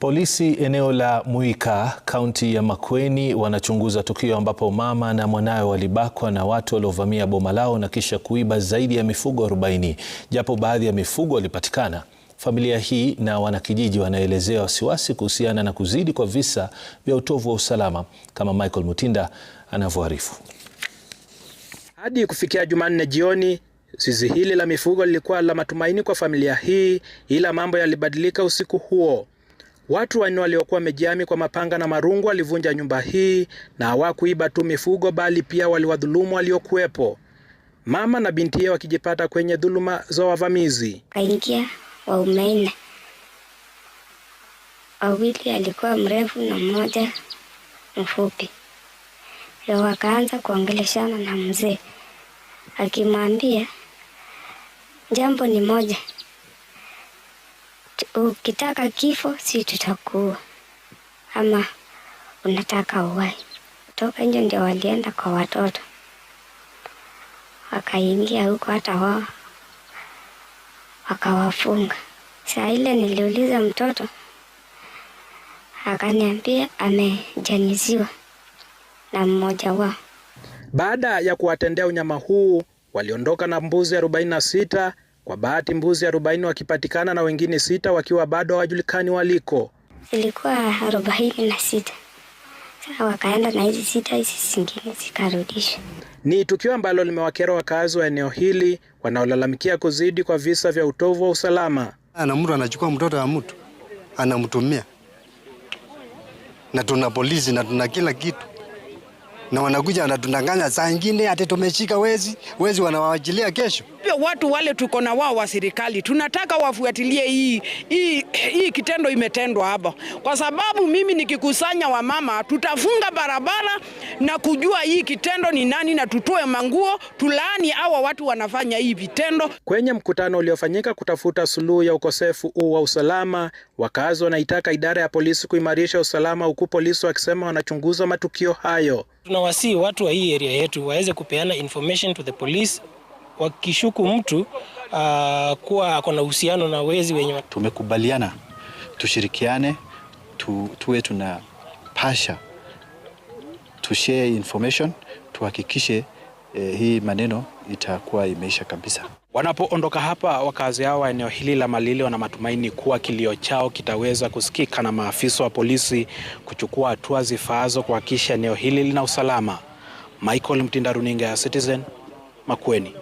Polisi eneo la Muika kaunti ya Makueni wanachunguza tukio ambapo mama na mwanawe walibakwa na watu waliovamia boma lao na kisha kuiba zaidi ya mifugo 40. Japo baadhi ya mifugo walipatikana, familia hii na wanakijiji wanaelezea wasiwasi kuhusiana na kuzidi kwa visa vya utovu wa usalama, kama Michael Mutinda anavyoarifu. Hadi kufikia Jumanne jioni zizi hili la mifugo lilikuwa la matumaini kwa familia hii, ila mambo yalibadilika usiku huo. Watu wanne waliokuwa wamejihami kwa mapanga na marungu walivunja nyumba hii na hawakuiba tu mifugo bali pia waliwadhulumu waliokuwepo. Mama na binti yao wakijipata kwenye dhuluma za wavamizi. Kaingia waume nne, wawili alikuwa mrefu na mmoja mfupi. Ndio wakaanza kuongeleshana na mzee akimwambia jambo ni moja ukitaka kifo si tutakuwa ama unataka uwai kutoka nje. Ndio walienda kwa watoto wakaingia huko, hata wao wakawafunga. Saa ile niliuliza mtoto akaniambia amejaniziwa na mmoja wao. Baada ya kuwatendea unyama huu, waliondoka na mbuzi 46 kwa bahati mbuzi 40 wakipatikana na wengine sita wakiwa bado hawajulikani waliko. Ilikuwa 46. Sasa wakaenda na hizi sita hizi zingine zikarudisha. Ni tukio ambalo limewakera wakazi wa eneo hili wanaolalamikia kuzidi kwa visa vya utovu wa usalama. Ana mtu anachukua mtoto wa mtu anamtumia, na tuna polisi na tuna kila kitu, na wanakuja wanatudanganya, saa ingine ati tumeshika wezi, wezi wanawawachilia kesho pia watu wale tuko na wao wa serikali tunataka wafuatilie hii, hii, hii kitendo imetendwa hapa, kwa sababu mimi nikikusanya wamama tutafunga barabara na kujua hii kitendo ni nani, na tutoe manguo tulaani hawa watu wanafanya hii vitendo. Kwenye mkutano uliofanyika kutafuta suluhu ya ukosefu huu wa usalama, wakazi wanaitaka idara ya polisi kuimarisha usalama, huku polisi wakisema wanachunguza matukio hayo. tunawasii watu wa hii area yetu waweze kupeana information to the police wakishuku mtu uh, kuwa ako na uhusiano na wezi wenye. Tumekubaliana tushirikiane tu, tuwe tuna pasha share information tuhakikishe eh, hii maneno itakuwa imeisha kabisa. Wanapoondoka hapa, wakazi hao wa eneo hili la Malili wana matumaini kuwa kilio chao kitaweza kusikika na maafisa wa polisi kuchukua hatua zifaazo kuhakikisha eneo hili lina usalama. Michael Mtinda, runinga ya Citizen, Makueni.